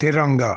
তেরঙ্গা